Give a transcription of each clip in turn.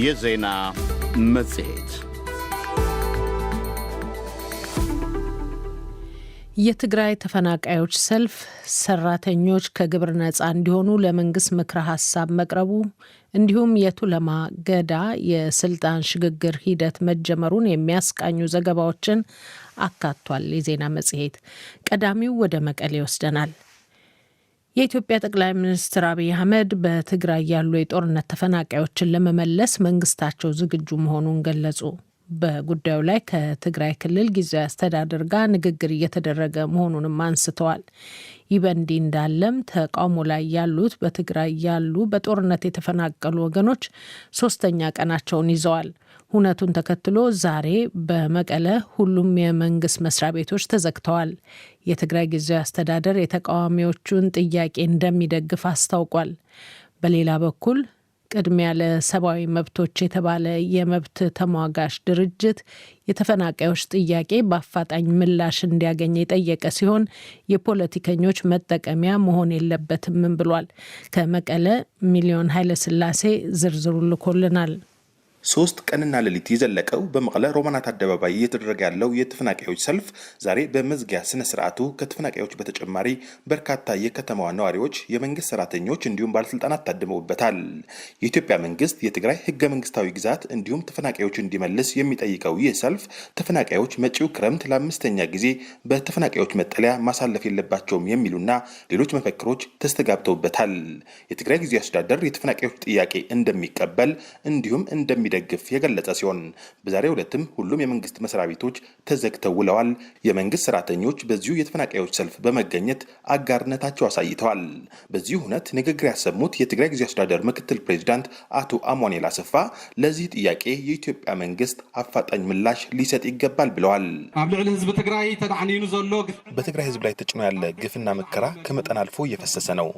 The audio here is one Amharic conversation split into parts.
የዜና መጽሔት የትግራይ ተፈናቃዮች ሰልፍ ሰራተኞች ከግብር ነጻ እንዲሆኑ ለመንግስት ምክረ ሀሳብ መቅረቡ እንዲሁም የቱለማ ገዳ የስልጣን ሽግግር ሂደት መጀመሩን የሚያስቃኙ ዘገባዎችን አካቷል። የዜና መጽሔት ቀዳሚው ወደ መቀሌ ይወስደናል። የኢትዮጵያ ጠቅላይ ሚኒስትር አብይ አህመድ በትግራይ ያሉ የጦርነት ተፈናቃዮችን ለመመለስ መንግስታቸው ዝግጁ መሆኑን ገለጹ። በጉዳዩ ላይ ከትግራይ ክልል ጊዜያዊ አስተዳደር ጋር ንግግር እየተደረገ መሆኑንም አንስተዋል። ይህ በእንዲህ እንዳለም ተቃውሞ ላይ ያሉት በትግራይ ያሉ በጦርነት የተፈናቀሉ ወገኖች ሶስተኛ ቀናቸውን ይዘዋል። ሁነቱን ተከትሎ ዛሬ በመቀለ ሁሉም የመንግስት መስሪያ ቤቶች ተዘግተዋል። የትግራይ ጊዜያዊ አስተዳደር የተቃዋሚዎቹን ጥያቄ እንደሚደግፍ አስታውቋል። በሌላ በኩል ቅድሚያ ለሰብአዊ መብቶች የተባለ የመብት ተሟጋች ድርጅት የተፈናቃዮች ጥያቄ በአፋጣኝ ምላሽ እንዲያገኝ የጠየቀ ሲሆን የፖለቲከኞች መጠቀሚያ መሆን የለበትም ብሏል። ከመቀለ ሚሊዮን ኃይለስላሴ ዝርዝሩ ልኮልናል። ሶስት ቀንና ሌሊት የዘለቀው በመቀለ ሮማናት አደባባይ እየተደረገ ያለው የተፈናቃዮች ሰልፍ ዛሬ በመዝጊያ ስነ ስርዓቱ ከተፈናቃዮች በተጨማሪ በርካታ የከተማዋ ነዋሪዎች፣ የመንግስት ሰራተኞች እንዲሁም ባለስልጣናት ታድመውበታል። የኢትዮጵያ መንግስት የትግራይ ህገ መንግስታዊ ግዛት እንዲሁም ተፈናቃዮች እንዲመልስ የሚጠይቀው ይህ ሰልፍ ተፈናቃዮች መጪው ክረምት ለአምስተኛ ጊዜ በተፈናቃዮች መጠለያ ማሳለፍ የለባቸውም የሚሉና ሌሎች መፈክሮች ተስተጋብተውበታል። የትግራይ ጊዜያዊ አስተዳደር የተፈናቃዮች ጥያቄ እንደሚቀበል እንዲሁም እንደሚ እንደሚደግፍ የገለጸ ሲሆን በዛሬው ዕለትም ሁሉም የመንግስት መስሪያ ቤቶች ተዘግተው ውለዋል። የመንግስት ሰራተኞች በዚሁ የተፈናቃዮች ሰልፍ በመገኘት አጋርነታቸው አሳይተዋል። በዚሁ ሁነት ንግግር ያሰሙት የትግራይ ጊዜ አስተዳደር ምክትል ፕሬዚዳንት አቶ አሞኔል አስፋ ለዚህ ጥያቄ የኢትዮጵያ መንግስት አፋጣኝ ምላሽ ሊሰጥ ይገባል ብለዋል። ትግራይ ዘሎ በትግራይ ህዝብ ላይ ተጭኖ ያለ ግፍና መከራ ከመጠን አልፎ እየፈሰሰ ነው።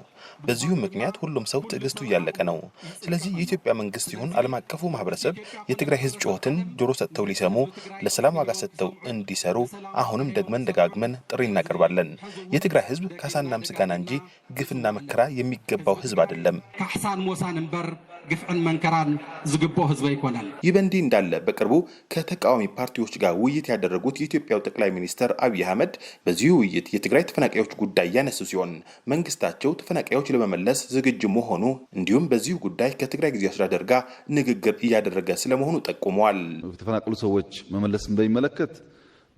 በዚሁ ምክንያት ሁሉም ሰው ትዕግስቱ እያለቀ ነው። ስለዚህ የኢትዮጵያ መንግስት ይሁን ዓለም አቀፉ ማህበረሰብ በማስገንዘብ የትግራይ ህዝብ ጩኸትን ጆሮ ሰጥተው ሊሰሙ፣ ለሰላም ዋጋ ሰጥተው እንዲሰሩ አሁንም ደግመን ደጋግመን ጥሪ እናቀርባለን። የትግራይ ህዝብ ካሳና ምስጋና እንጂ ግፍና መከራ የሚገባው ህዝብ አይደለም። ካሳን ሞሳን እምበር ግፍዕን መንከራን ዝግቦ ህዝብ አይኮናል። ይህ በእንዲህ እንዳለ በቅርቡ ከተቃዋሚ ፓርቲዎች ጋር ውይይት ያደረጉት የኢትዮጵያው ጠቅላይ ሚኒስትር አብይ አህመድ በዚሁ ውይይት የትግራይ ተፈናቃዮች ጉዳይ ያነሱ ሲሆን መንግስታቸው ተፈናቃዮች ለመመለስ ዝግጁ መሆኑ እንዲሁም በዚሁ ጉዳይ ከትግራይ ጊዜያዊ አስተዳደር ጋር ንግግር እያደረ እየተደረገ ስለመሆኑ ጠቁመዋል። የተፈናቀሉ ሰዎች መመለስን በሚመለከት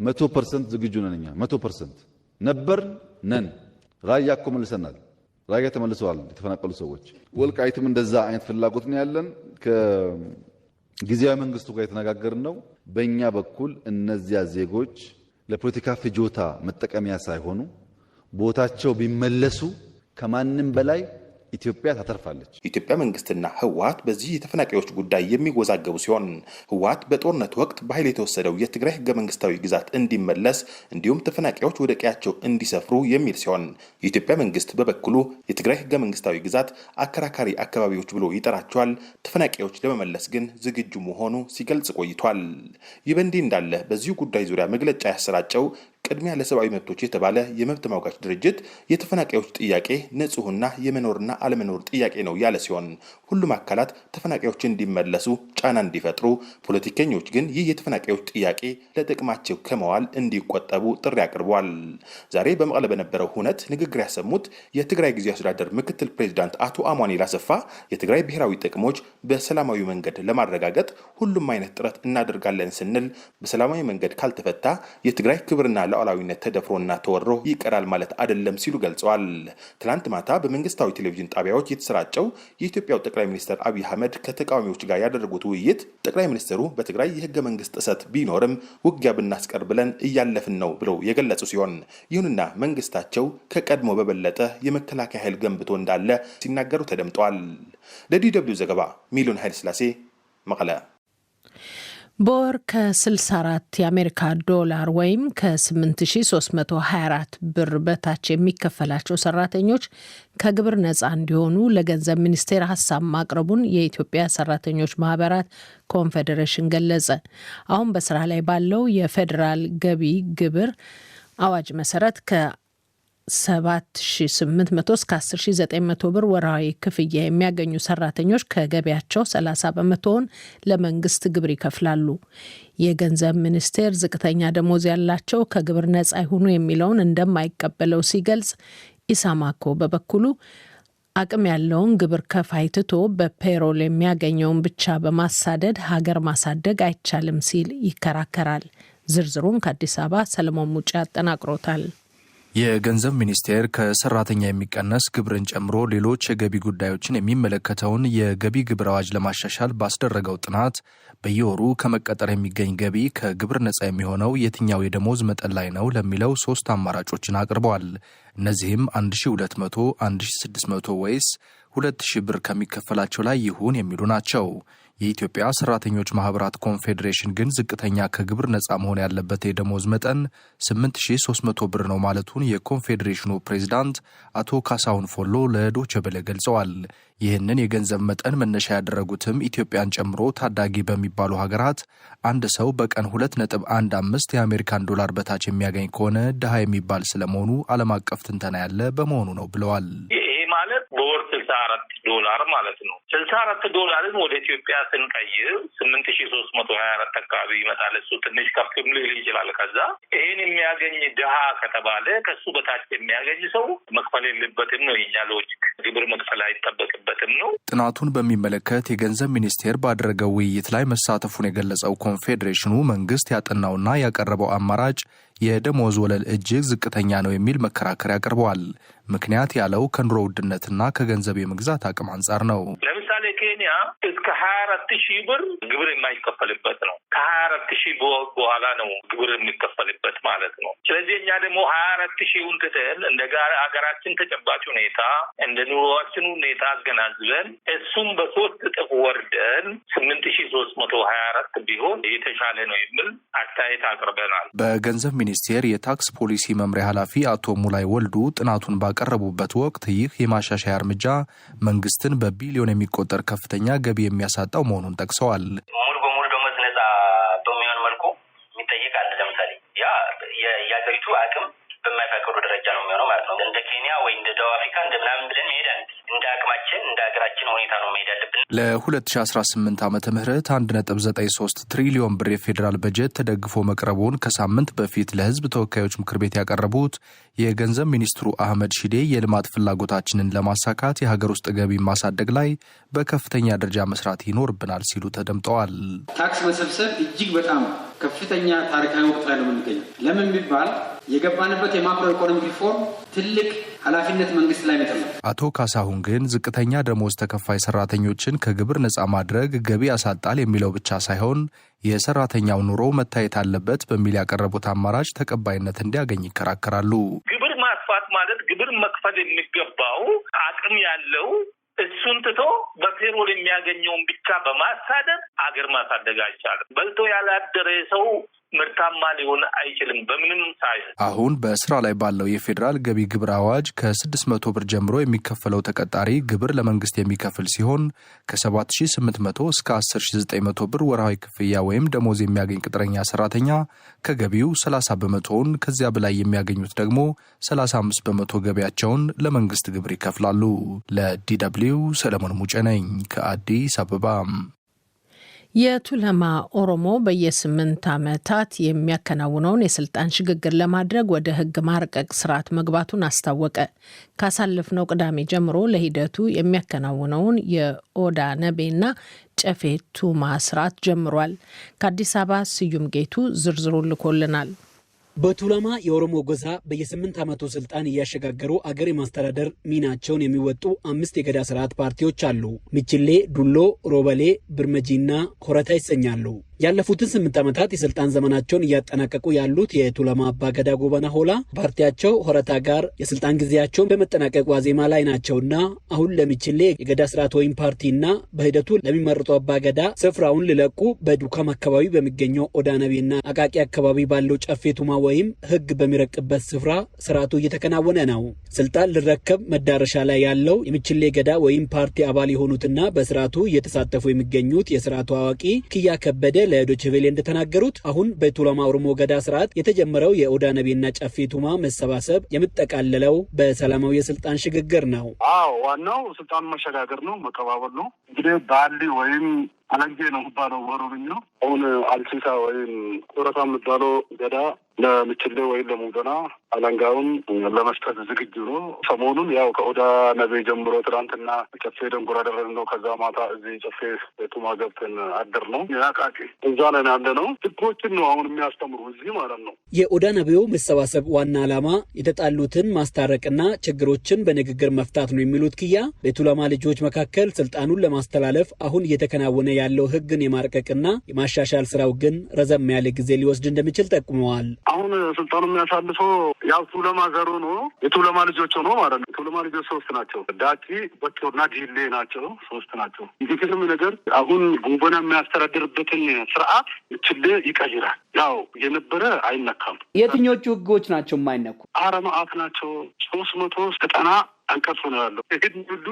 መቶ ፐርሰንት ዝግጁ ነን። እኛ መቶ ፐርሰንት ነበር ነን። ራያ እኮ መልሰናል። ራያ ተመልሰዋል የተፈናቀሉ ሰዎች። ወልቃይትም እንደዛ አይነት ፍላጎት ነው ያለን። ከጊዜያዊ መንግስቱ ጋር የተነጋገርን ነው። በእኛ በኩል እነዚያ ዜጎች ለፖለቲካ ፍጆታ መጠቀሚያ ሳይሆኑ ቦታቸው ቢመለሱ ከማንም በላይ ኢትዮጵያ ታተርፋለች። ኢትዮጵያ መንግስትና ህወሀት በዚህ የተፈናቃዮች ጉዳይ የሚወዛገቡ ሲሆን ህወሀት በጦርነት ወቅት በኃይል የተወሰደው የትግራይ ህገ መንግስታዊ ግዛት እንዲመለስ እንዲሁም ተፈናቃዮች ወደ ቀያቸው እንዲሰፍሩ የሚል ሲሆን የኢትዮጵያ መንግስት በበኩሉ የትግራይ ህገ መንግስታዊ ግዛት አከራካሪ አካባቢዎች ብሎ ይጠራቸዋል። ተፈናቃዮች ለመመለስ ግን ዝግጁ መሆኑ ሲገልጽ ቆይቷል። ይህ በእንዲህ እንዳለ በዚሁ ጉዳይ ዙሪያ መግለጫ ያሰራጨው ቅድሚያ ለሰብአዊ መብቶች የተባለ የመብት ማውጋች ድርጅት የተፈናቃዮች ጥያቄ ንጹህና የመኖርና አለመኖር ጥያቄ ነው ያለ ሲሆን ሁሉም አካላት ተፈናቃዮች እንዲመለሱ ጫና እንዲፈጥሩ፣ ፖለቲከኞች ግን ይህ የተፈናቃዮች ጥያቄ ለጥቅማቸው ከመዋል እንዲቆጠቡ ጥሪ አቅርቧል። ዛሬ በመቀለ በነበረው ሁነት ንግግር ያሰሙት የትግራይ ጊዜያዊ አስተዳደር ምክትል ፕሬዚዳንት አቶ አማኑኤል አሰፋ የትግራይ ብሔራዊ ጥቅሞች በሰላማዊ መንገድ ለማረጋገጥ ሁሉም አይነት ጥረት እናደርጋለን ስንል በሰላማዊ መንገድ ካልተፈታ የትግራይ ክብርና ሉዓላዊነት ተደፍሮና ተወሮ ይቀራል ማለት አይደለም ሲሉ ገልጸዋል። ትላንት ማታ በመንግስታዊ ቴሌቪዥን ጣቢያዎች የተሰራጨው የኢትዮጵያው ጠቅላይ ሚኒስትር አብይ አህመድ ከተቃዋሚዎች ጋር ያደረጉት ውይይት ጠቅላይ ሚኒስትሩ በትግራይ የህገ መንግስት ጥሰት ቢኖርም ውጊያ ብናስቀር ብለን እያለፍን ነው ብለው የገለጹ ሲሆን ይሁንና መንግስታቸው ከቀድሞ በበለጠ የመከላከያ ኃይል ገንብቶ እንዳለ ሲናገሩ ተደምጠዋል። ለዲ ደብልዩ ዘገባ ሚሊዮን ኃይለ ስላሴ መቀለ በወር ከ64 የአሜሪካ ዶላር ወይም ከ8324 ብር በታች የሚከፈላቸው ሰራተኞች ከግብር ነፃ እንዲሆኑ ለገንዘብ ሚኒስቴር ሀሳብ ማቅረቡን የኢትዮጵያ ሰራተኞች ማህበራት ኮንፌዴሬሽን ገለጸ። አሁን በስራ ላይ ባለው የፌዴራል ገቢ ግብር አዋጅ መሰረት ከ 7,800 እስከ 10,900 ብር ወርሃዊ ክፍያ የሚያገኙ ሰራተኞች ከገቢያቸው 30 በመቶውን ለመንግስት ግብር ይከፍላሉ። የገንዘብ ሚኒስቴር ዝቅተኛ ደሞዝ ያላቸው ከግብር ነጻ ይሁኑ የሚለውን እንደማይቀበለው ሲገልጽ፣ ኢሳማኮ በበኩሉ አቅም ያለውን ግብር ከፋይ ትቶ በፔሮል የሚያገኘውን ብቻ በማሳደድ ሀገር ማሳደግ አይቻልም ሲል ይከራከራል። ዝርዝሩን ከአዲስ አበባ ሰለሞን ሙጪ አጠናቅሮታል። የገንዘብ ሚኒስቴር ከሰራተኛ የሚቀነስ ግብርን ጨምሮ ሌሎች የገቢ ጉዳዮችን የሚመለከተውን የገቢ ግብር አዋጅ ለማሻሻል ባስደረገው ጥናት በየወሩ ከመቀጠር የሚገኝ ገቢ ከግብር ነጻ የሚሆነው የትኛው የደሞዝ መጠን ላይ ነው ለሚለው ሶስት አማራጮችን አቅርበዋል። እነዚህም 1200፣ 1600 ወይስ 2000 ብር ከሚከፈላቸው ላይ ይሁን የሚሉ ናቸው። የኢትዮጵያ ሰራተኞች ማህበራት ኮንፌዴሬሽን ግን ዝቅተኛ ከግብር ነፃ መሆን ያለበት የደሞዝ መጠን 8300 ብር ነው ማለቱን የኮንፌዴሬሽኑ ፕሬዚዳንት አቶ ካሳሁን ፎሎ ለዶቼ ቬለ ገልጸዋል። ይህንን የገንዘብ መጠን መነሻ ያደረጉትም ኢትዮጵያን ጨምሮ ታዳጊ በሚባሉ ሀገራት አንድ ሰው በቀን 2.15 የአሜሪካን ዶላር በታች የሚያገኝ ከሆነ ድሃ የሚባል ስለመሆኑ ዓለም አቀፍ ትንተና ያለ በመሆኑ ነው ብለዋል። በወር ስልሳ አራት ዶላር ማለት ነው። ስልሳ አራት ዶላርን ወደ ኢትዮጵያ ስንቀይር ስምንት ሺ ሶስት መቶ ሀያ አራት አካባቢ ይመጣል። እሱ ትንሽ ከፍ ሊል ይችላል። ከዛ ይህን የሚያገኝ ድሀ ከተባለ ከሱ በታች የሚያገኝ ሰው መክፈል የለበትም ነው የኛ ሎጂክ። ግብር መክፈል አይጠበቅበትም ነው። ጥናቱን በሚመለከት የገንዘብ ሚኒስቴር ባደረገው ውይይት ላይ መሳተፉን የገለጸው ኮንፌዴሬሽኑ መንግስት ያጠናውና ያቀረበው አማራጭ የደሞዝ ወለል እጅግ ዝቅተኛ ነው የሚል መከራከሪያ አቅርበዋል። ምክንያት ያለው ከኑሮ ውድነትና ከገንዘብ የመግዛት አቅም አንጻር ነው። ለምሳሌ ኬንያ እስከ ሀያ አራት ሺህ ብር ግብር የማይከፈልበት ነው። ከሀያ አራት ሺህ በኋላ ነው ግብር የሚከፈልበት ማለት ነው። ስለዚህ እኛ ደግሞ ሀያ አራት ሺውን እንደ ሀገራችን ተጨባጭ ሁኔታ እንደ ኑሮዋችን ሁኔታ አገናዝበን እሱም በሶስት እጥፍ ወርደን ስምንት ሺ ሶስት መቶ ሀያ አራት ቢሆን የተሻለ ነው የሚል አስተያየት አቅርበናል። በገንዘብ ሚኒስቴር የታክስ ፖሊሲ መምሪያ ኃላፊ አቶ ሙላይ ወልዱ ጥናቱን ባቀረቡበት ወቅት ይህ የማሻሻያ እርምጃ መንግስትን በቢሊዮን የሚቆጠር ቁጥር ከፍተኛ ገቢ የሚያሳጣው መሆኑን ጠቅሰዋል። ሙሉ በሙሉ ደሞዝ ነጻ በሚሆን መልኩ የሚጠይቅ አለ። ለምሳሌ ያ የሀገሪቱ አቅም በማይፈቅዱ ደረጃ ነው የሚሆነው ማለት ነው። እንደ ኬንያ ወይ እንደ ደቡብ አፍሪካ እንደ ምናምን ብለን መሄድ አንድ እንደ አቅማችን በሀገራችን ሁኔታ ነው መሄድ ያለብን። ለ2018 ዓመተ ምህረት 1.93 ትሪሊዮን ብር የፌዴራል በጀት ተደግፎ መቅረቡን ከሳምንት በፊት ለህዝብ ተወካዮች ምክር ቤት ያቀረቡት የገንዘብ ሚኒስትሩ አህመድ ሺዴ የልማት ፍላጎታችንን ለማሳካት የሀገር ውስጥ ገቢ ማሳደግ ላይ በከፍተኛ ደረጃ መስራት ይኖርብናል ሲሉ ተደምጠዋል። ታክስ መሰብሰብ እጅግ በጣም ከፍተኛ ታሪካዊ ወቅት ላይ ነው የምንገኘው። ለምን የሚባል የገባንበት የማክሮ ኢኮኖሚ ሪፎርም ትልቅ ኃላፊነት መንግስት ላይ ነው። አቶ ካሳሁን ግን ዝቅተኛ ደሞዝ ተከፋይ ሰራተኞችን ከግብር ነፃ ማድረግ ገቢ ያሳጣል የሚለው ብቻ ሳይሆን የሰራተኛው ኑሮ መታየት አለበት በሚል ያቀረቡት አማራጭ ተቀባይነት እንዲያገኝ ይከራከራሉ። ግብር ማስፋት ማለት ግብር መክፈል የሚገባው አቅም ያለው እሱን ትቶ በፔሮል የሚያገኘውን ብቻ በማሳደግ አገር ማሳደግ አይቻልም። በልቶ ያላደረ ሰው ምርታማ ሊሆን አይችልም በምንም ሳይ። አሁን በስራ ላይ ባለው የፌዴራል ገቢ ግብር አዋጅ ከ600 ብር ጀምሮ የሚከፈለው ተቀጣሪ ግብር ለመንግስት የሚከፍል ሲሆን ከ7800 እስከ 10900 ብር ወርሃዊ ክፍያ ወይም ደሞዝ የሚያገኝ ቅጥረኛ ሰራተኛ ከገቢው 30 በመቶውን ከዚያ በላይ የሚያገኙት ደግሞ 35 በመቶ ገቢያቸውን ለመንግስት ግብር ይከፍላሉ። ለዲ ደብልዩ ሰለሞን ሙጬ ነኝ ከአዲስ አበባ። የቱለማ ኦሮሞ በየስምንት ዓመታት የሚያከናውነውን የስልጣን ሽግግር ለማድረግ ወደ ህግ ማርቀቅ ስርዓት መግባቱን አስታወቀ። ካሳለፍነው ቅዳሜ ጀምሮ ለሂደቱ የሚያከናውነውን የኦዳ ነቤና ጨፌ ቱማ ስርዓት ጀምሯል። ከአዲስ አበባ ስዩም ጌቱ ዝርዝሩ ልኮልናል። በቱለማ የኦሮሞ ጎሳ በየስምንት ዓመቱ ስልጣን እያሸጋገሩ አገር የማስተዳደር ሚናቸውን የሚወጡ አምስት የገዳ ስርዓት ፓርቲዎች አሉ። ሚችሌ፣ ዱሎ፣ ሮበሌ፣ ብርመጂና ኮረታ ይሰኛሉ። ያለፉትን ስምንት ዓመታት የስልጣን ዘመናቸውን እያጠናቀቁ ያሉት የቱለማ አባገዳ ጎበና ሆላ ፓርቲያቸው ሆረታ ጋር የስልጣን ጊዜያቸውን በመጠናቀቁ ዋዜማ ላይ ናቸውና አሁን ለሚችሌ የገዳ ስርዓት ወይም ፓርቲና በሂደቱ ለሚመርጡ አባገዳ ስፍራውን ሊለቁ በዱካም አካባቢ በሚገኘው ኦዳነቤና አቃቂ አካባቢ ባለው ጨፌ ቱማ ወይም ህግ በሚረቅበት ስፍራ ስርዓቱ እየተከናወነ ነው። ስልጣን ልረከብ መዳረሻ ላይ ያለው የሚችሌ ገዳ ወይም ፓርቲ አባል የሆኑትና በስርዓቱ እየተሳተፉ የሚገኙት የስርዓቱ አዋቂ ክያ ከበደ ለዶችቬሌ እንደተናገሩት አሁን በቱለማ ኦሮሞ ገዳ ስርዓት የተጀመረው የኦዳ ነቢና ጨፌ ቱማ መሰባሰብ የምጠቃለለው በሰላማዊ የስልጣን ሽግግር ነው። አዎ ዋናው ስልጣን መሸጋገር ነው፣ መቀባበል ነው። እንግዲህ ባሊ ወይም አለንጌ ነው የሚባለው ወሮብኝ ነው። አሁን አልሲሳ ወይም ጡረታ የሚባለው ገዳ ለምችሌ ወይም ለሙገና አለንጋውን ለመስጠት ዝግጁ ነው። ሰሞኑን ያው ከኦዳ ነቤ ጀምሮ ትናንትና ጨፌ ደንጉር አደረግ ነው። ከዛ ማታ እዚህ ጨፌ ቱማ ገብተን አድር ነው ያቃቂ እዛ ነን ያለ ነው። ህጎችን ነው አሁን የሚያስተምሩ እዚህ ማለት ነው። የኦዳ ነቤው መሰባሰብ ዋና ዓላማ የተጣሉትን ማስታረቅና ችግሮችን በንግግር መፍታት ነው የሚሉት ክያ በቱለማ ልጆች መካከል ስልጣኑን ለማስተላለፍ አሁን እየተከናወነ ያለው ህግን የማርቀቅና የማሻሻል ስራው ግን ረዘም ያለ ጊዜ ሊወስድ እንደሚችል ጠቁመዋል። አሁን ስልጣኑ የሚያሳልፈው ያው ቱለማ ዘሩ ነው። የቱለማ ልጆች ሆኖ ማለት ነው። ቱለማ ልጆች ሶስት ናቸው። ዳቂ በቾና ዲሌ ናቸው። ሶስት ናቸው። ይህም ነገር አሁን ጉቦና የሚያስተዳድርበትን ስርዓት ችል ይቀይራል። ያው የነበረ አይነካም። የትኞቹ ህጎች ናቸው የማይነኩ? አረማአት ናቸው ሶስት መቶ ዘጠና አንቀጽ ነው ያለው ይህን ሁሉ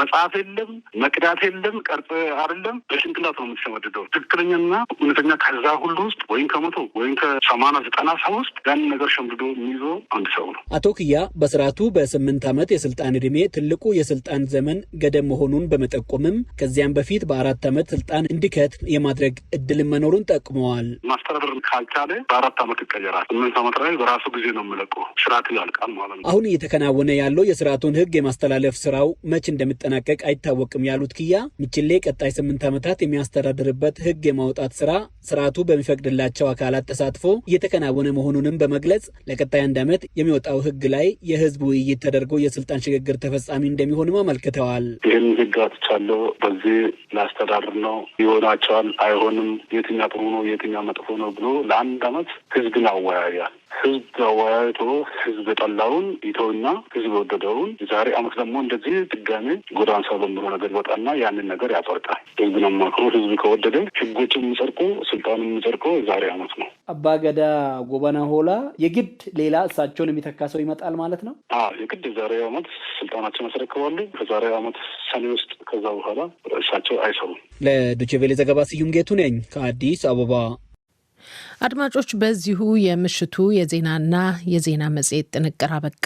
መጽሐፍ የለም መቅዳት የለም ቀርጽ አይደለም በሽንቅላት ነው የምትሸመድደው። ትክክለኛና እውነተኛ ከዛ ሁሉ ውስጥ ወይም ከመቶ ወይም ከሰማና ዘጠና ሰው ውስጥ ያን ነገር ሸምድዶ የሚይዞ አንድ ሰው ነው። አቶ ክያ በስርዓቱ በስምንት ዓመት የስልጣን እድሜ ትልቁ የስልጣን ዘመን ገደብ መሆኑን በመጠቆምም ከዚያም በፊት በአራት ዓመት ስልጣን እንዲከት የማድረግ እድል መኖሩን ጠቅመዋል። ማስተዳደር ካልቻለ በአራት ዓመት ይቀየራል። ስምንት ዓመት ላይ በራሱ ጊዜ ነው የሚለቁ ስርዓት ያልቃል ማለት ነው። አሁን እየተከናወነ ያለው የስርዓቱን ህግ የማስተላለፍ ስራው መች እንደሚጠናቀቅ አይታወቅም ያሉት ኪያ ሚችሌ ቀጣይ ስምንት ዓመታት የሚያስተዳድርበት ህግ የማውጣት ስራ ስርዓቱ በሚፈቅድላቸው አካላት ተሳትፎ እየተከናወነ መሆኑንም በመግለጽ ለቀጣይ አንድ ዓመት የሚወጣው ህግ ላይ የህዝብ ውይይት ተደርጎ የስልጣን ሽግግር ተፈጻሚ እንደሚሆንም አመልክተዋል። ይህን ህግ አውጥቻለሁ፣ በዚህ ላስተዳድር ነው፣ ይሆናቸዋል፣ አይሆንም፣ የትኛ ጥሩ ነው፣ የትኛ መጥፎ ነው ብሎ ለአንድ ዓመት ህዝብን አወያያል። ህዝብ አወያይቶ ህዝብ የጠላውን ይተውና ህዝብ የወደደውን ዛሬ አመት ደግሞ እንደዚህ ድጋሜ ጎዳንሳ በምሮ ነገር ይወጣና ያንን ነገር ህዝብ ነው ማክሮ ህዝብ ከወደደ ህጎች የሚጸድቁ ስልጣን የሚጸድቁ ዛሬ አመት ነው። አባ ገዳ ጎበና ሆላ የግድ ሌላ እሳቸውን የሚተካ ሰው ይመጣል ማለት ነው። የግድ የዛሬ አመት ስልጣናቸውን ያስረክባሉ። ከዛሬ አመት ሰኔ ውስጥ ከዛ በኋላ እሳቸው አይሰሩም። ለዶቼ ቬለ ዘገባ ስዩም ጌቱ ነኝ ከአዲስ አበባ። አድማጮች፣ በዚሁ የምሽቱ የዜናና የዜና መጽሔት ጥንቅር አበቃ።